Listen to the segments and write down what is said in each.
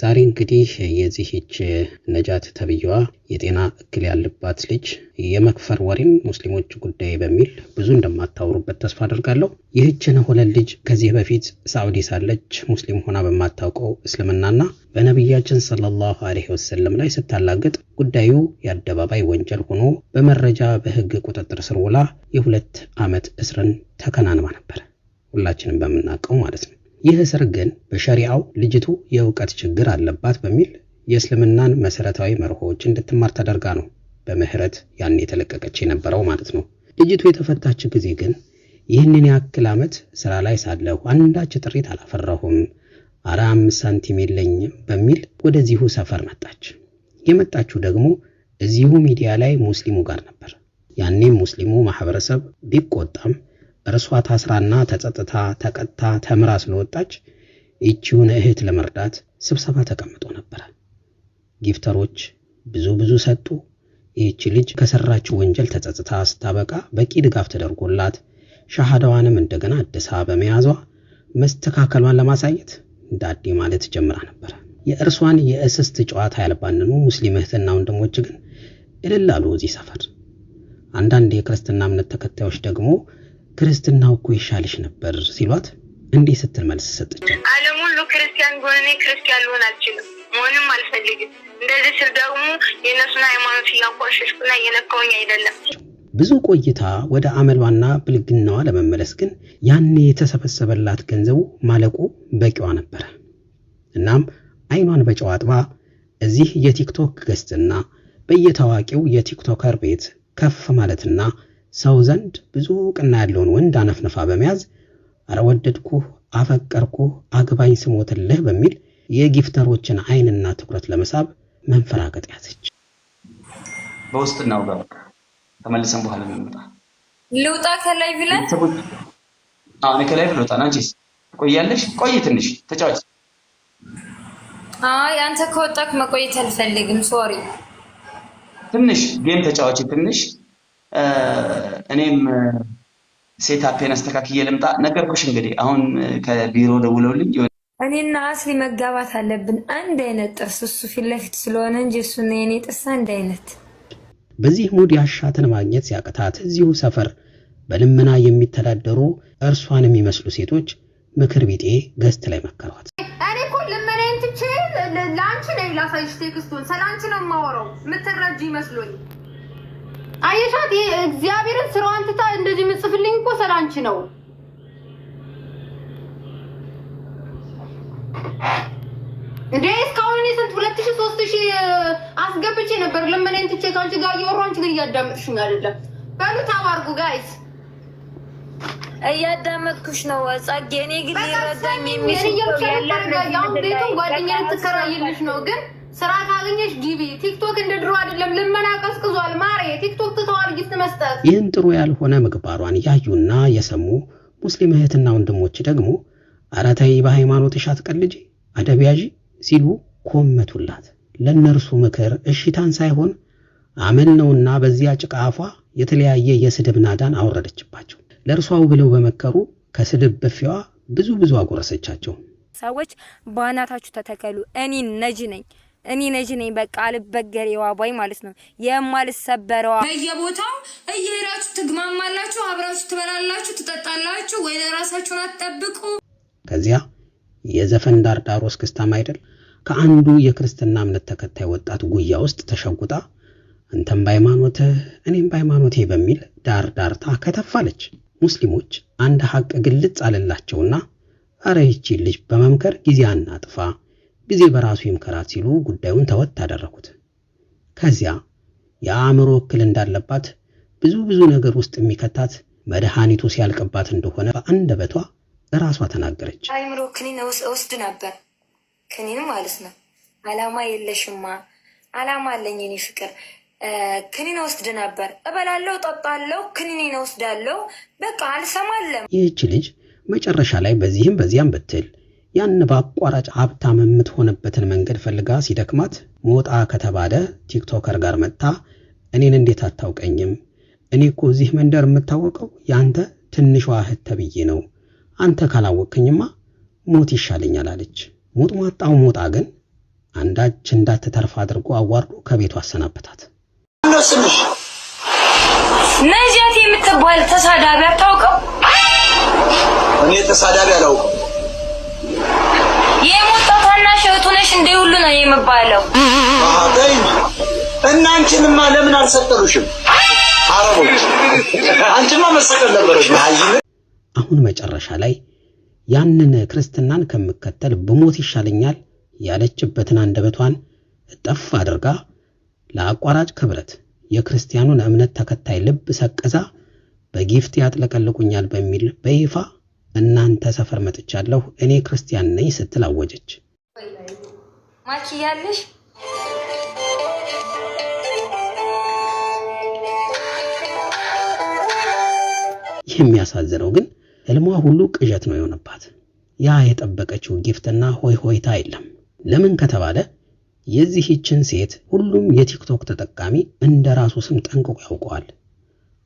ዛሬ እንግዲህ የዚህች ነጃት ተብዬዋ የጤና እክል ያለባት ልጅ የመክፈር ወሬም ሙስሊሞች ጉዳይ በሚል ብዙ እንደማታወሩበት ተስፋ አድርጋለሁ። ይህችን ሁለት ልጅ ከዚህ በፊት ሳዑዲ ሳለች ሙስሊም ሆና በማታውቀው እስልምናና በነቢያችን ሰለላሁ ዐለይሂ ወሰለም ላይ ስታላግጥ ጉዳዩ የአደባባይ ወንጀል ሆኖ በመረጃ በህግ ቁጥጥር ስር ውላ የሁለት ዓመት እስርን ተከናንባ ነበር። ሁላችንም በምናውቀው ማለት ነው። ይህ እስር ግን በሸሪዓው ልጅቱ የእውቀት ችግር አለባት በሚል የእስልምናን መሰረታዊ መርሆዎች እንድትማር ተደርጋ ነው በምህረት ያን የተለቀቀች የነበረው ማለት ነው። ልጅቱ የተፈታች ጊዜ ግን ይህንን ያክል ዓመት ስራ ላይ ሳለሁ አንዳች ጥሪት አላፈራሁም፣ አረ አምስት ሳንቲም የለኝም በሚል ወደዚሁ ሰፈር መጣች። የመጣችው ደግሞ እዚሁ ሚዲያ ላይ ሙስሊሙ ጋር ነበር። ያኔም ሙስሊሙ ማህበረሰብ ቢቆጣም እርሷ ታስራና ተጸጥታ ተቀጥታ ተምራ ስለወጣች ይቺውን እህት ለመርዳት ስብሰባ ተቀምጦ ነበረ። ጊፍተሮች ብዙ ብዙ ሰጡ። ይህች ልጅ ከሰራችው ወንጀል ተጸጽታ ስታበቃ በቂ ድጋፍ ተደርጎላት ሻሃዳዋንም እንደገና አድሳ በመያዟ መስተካከሏን ለማሳየት ዳዴ ማለት ጀምራ ነበረ። የእርሷን የእስስት ጨዋታ ያልባንኑ ሙስሊም እህትና ወንድሞች ግን እልል አሉ እዚህ ሰፈር። አንዳንድ የክርስትና እምነት ተከታዮች ደግሞ ክርስትናው እኮ ይሻልሽ ነበር ሲሏት እንዲህ ስትል መልስ ሰጠች። ዓለም ሁሉ ክርስቲያን ቢሆን እኔ ክርስቲያን ልሆን አልችልም፣ መሆንም አልፈልግም። እንደዚህ ስል ደግሞ የእነሱን ሃይማኖት እያንቋሸሽኩና እየነካውኝ አይደለም። ብዙ ቆይታ ወደ አመሏና ብልግናዋ ለመመለስ ግን ያኔ የተሰበሰበላት ገንዘቡ ማለቁ በቂዋ ነበረ። እናም አይኗን በጨዋጥባ አጥባ እዚህ የቲክቶክ ገጽና በየታዋቂው የቲክቶከር ቤት ከፍ ማለትና ሰው ዘንድ ብዙ ቅና ያለውን ወንድ አነፍነፋ በመያዝ አረወደድኩህ፣ አፈቀርኩህ፣ አግባኝ ስሞትልህ በሚል የጊፍተሮችን አይንና ትኩረት ለመሳብ መንፈራገጥ ያዘች። በውስጥ እናውጋ፣ ተመልሰን በኋላ እንመጣ። ልውጣ ከላይ ብለን አሁን ከላይ ልውጣ። አንቺስ ቆያለሽ? ቆይ ትንሽ ተጫዋች። አይ አንተ ከወጣክ መቆየት አልፈልግም። ሶሪ፣ ትንሽ ጌም ተጫዋች ትንሽ እኔም ሴት አፔን አስተካክዬ ልምጣ ነገርኩሽ። እንግዲህ አሁን ከቢሮ ደውለውልኝ እኔና አስሊ መጋባት አለብን። አንድ አይነት ጥርስ እሱ ፊት ለፊት ስለሆነ እንጂ እሱና የኔ ጥርስ አንድ አይነት። በዚህ ሙድ ያሻትን ማግኘት ሲያቅታት እዚሁ ሰፈር በልመና የሚተዳደሩ እርሷን የሚመስሉ ሴቶች ምክር ቢጤ ገዝት ላይ መከሯት። እኔ እኮ ልመናዬን ትቼ ለአንቺ ነው ላሳይሽ፣ ቴክስቱን ስለ ነው የማወራው፣ የምትረጂ ይመስሎኝ አየሻት? እግዚአብሔርን ስራዋን ትታ እንደዚህ ምጽፍልኝ እኮ ሰላንቺ ነው። እንዴ እስካሁን እኔ ስንት ሁለት ሺህ ሶስት ሺህ አስገብቼ ነበር። ለምን ትቼ ከአንቺ ጋር እያወራሁ አንቺ ግን እያዳመጥሽኝ አይደለም። በሉ ታባርጉ ጋይስ እያዳመጥኩሽ ነው ጸጌ። እኔ ግን ይረዳኝ የሚሽ ያለ ቤቱ ጓደኛ ልትከራይልሽ ነው ግን ስራ ካገኘሽ ግቢ። ቲክቶክ እንደ ድሮ አይደለም፣ ልመና ቀዝቅዟል። ማሬ ቲክቶክ ትተዋል ጊፍት መስጠት። ይህን ጥሩ ያልሆነ ምግባሯን ያዩና የሰሙ ሙስሊም እህትና ወንድሞች ደግሞ በሃይማኖት በሃይማኖትሽ አትቀልጂ አደቢያዢ ሲሉ ኮመቱላት። ለእነርሱ ምክር እሽታን ሳይሆን አመል ነውና በዚያ ጭቃ አፏ የተለያየ የስድብ ናዳን አወረደችባቸው። ለእርሷው ብለው በመከሩ ከስድብ በፊዋ ብዙ ብዙ አጎረሰቻቸው። ሰዎች በአናታችሁ ተተከሉ፣ እኔ ነጂ ነኝ እኔ ነጅ ነኝ በቃ አልበገሬው አባይ ማለት ነው የማልሰበረዋ። በየቦታው እየሄዳችሁ ትግማማላችሁ፣ አብራችሁ ትበላላችሁ፣ ትጠጣላችሁ፣ ወይ ለራሳችሁን አትጠብቁ። ከዚያ የዘፈን ዳርዳር እስክስታም አይደል ከአንዱ የክርስትና እምነት ተከታይ ወጣት ጉያ ውስጥ ተሸጉጣ አንተም በሃይማኖትህ እኔም በሃይማኖቴ በሚል ዳርዳርታ ከተፋለች። ሙስሊሞች አንድ ሀቅ ግልጽ አለላቸውና አረ ይቺ ልጅ በመምከር ጊዜ አናጥፋ ጊዜ በራሱ ይምከራት ሲሉ ጉዳዩን ተወት አደረጉት። ከዚያ የአእምሮ እክል እንዳለባት ብዙ ብዙ ነገር ውስጥ የሚከታት መድኃኒቱ ሲያልቅባት እንደሆነ በአንደበቷ እራሷ ተናገረች። አእምሮ ክኒን እወስድ ነበር። ክኒን ማለት ነው። አላማ የለሽማ አላማ አለኝ እኔ ፍቅር ክኒን እወስድ ነበር። እበላለው፣ ጠጣለው፣ ክኒን እወስዳለው። በቃ አልሰማለም። ይህች ልጅ መጨረሻ ላይ በዚህም በዚያም ብትል ያን በአቋራጭ ሀብታም የምትሆንበትን መንገድ ፈልጋ ሲደክማት ሞጣ ከተባለ ቲክቶከር ጋር መጥታ እኔን እንዴት አታውቀኝም? እኔ እኮ እዚህ መንደር የምታወቀው ያንተ ትንሿ እህት ተብዬ ነው። አንተ ካላወቅክኝማ ሞት ይሻለኛል አለች። ሞጥሟጣው ሞጣ ግን አንዳች እንዳትተርፍ አድርጎ አዋርዶ ከቤቱ አሰናበታት። ነጃት የምትባል ተሳዳቢ አታውቀው? እኔ ተሳዳቢ አላውቅም። ከብት ሆነሽ እንደ ሁሉ ነው የምባለው። አይ እናንቺንማ ለምን አልሰጠሩሽም? አረቦች አንቺማ መሰቀል ነበረሽ። አሁን መጨረሻ ላይ ያንን ክርስትናን ከምከተል ብሞት ይሻለኛል ያለችበትን አንደበቷን ጠፍ አድርጋ ለአቋራጭ ክብረት የክርስቲያኑን እምነት ተከታይ ልብ ሰቀዛ በጊፍት ያጥለቀልቁኛል በሚል በይፋ እናንተ ሰፈር መጥቻለሁ እኔ ክርስቲያን ነኝ ስትል አወጀች። ማኪ ያለሽ የሚያሳዝነው ግን ህልሟ ሁሉ ቅዠት ነው የሆነባት። ያ የጠበቀችው ጊፍትና ሆይ ሆይታ የለም። ለምን ከተባለ የዚህችን ሴት ሁሉም የቲክቶክ ተጠቃሚ እንደ ራሱ ስም ጠንቅቆ ያውቀዋል።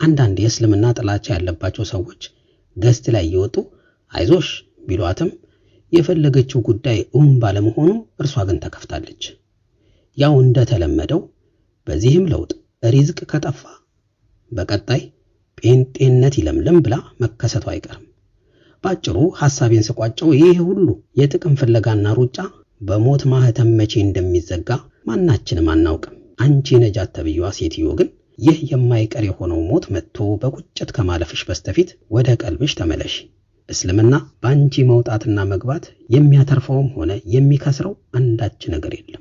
አንዳንድ የእስልምና ጥላቻ ያለባቸው ሰዎች ገስት ላይ እየወጡ አይዞሽ ቢሏትም የፈለገችው ጉዳይ እውን ባለመሆኑ እርሷ ግን ተከፍታለች። ያው እንደተለመደው በዚህም ለውጥ ሪዝቅ ከጠፋ በቀጣይ ጴንጤነት ይለምልም ብላ መከሰቱ አይቀርም። ባጭሩ ሐሳቤን ስቋጨው ይህ ሁሉ የጥቅም ፍለጋና ሩጫ በሞት ማህተም መቼ እንደሚዘጋ ማናችንም አናውቅም። አንቺ ነጃት ተብዬዋ ሴትዮ ግን ይህ የማይቀር የሆነው ሞት መጥቶ በቁጭት ከማለፍሽ በስተፊት ወደ ቀልብሽ ተመለሽ። እስልምና በአንቺ መውጣትና መግባት የሚያተርፈውም ሆነ የሚከስረው አንዳች ነገር የለም።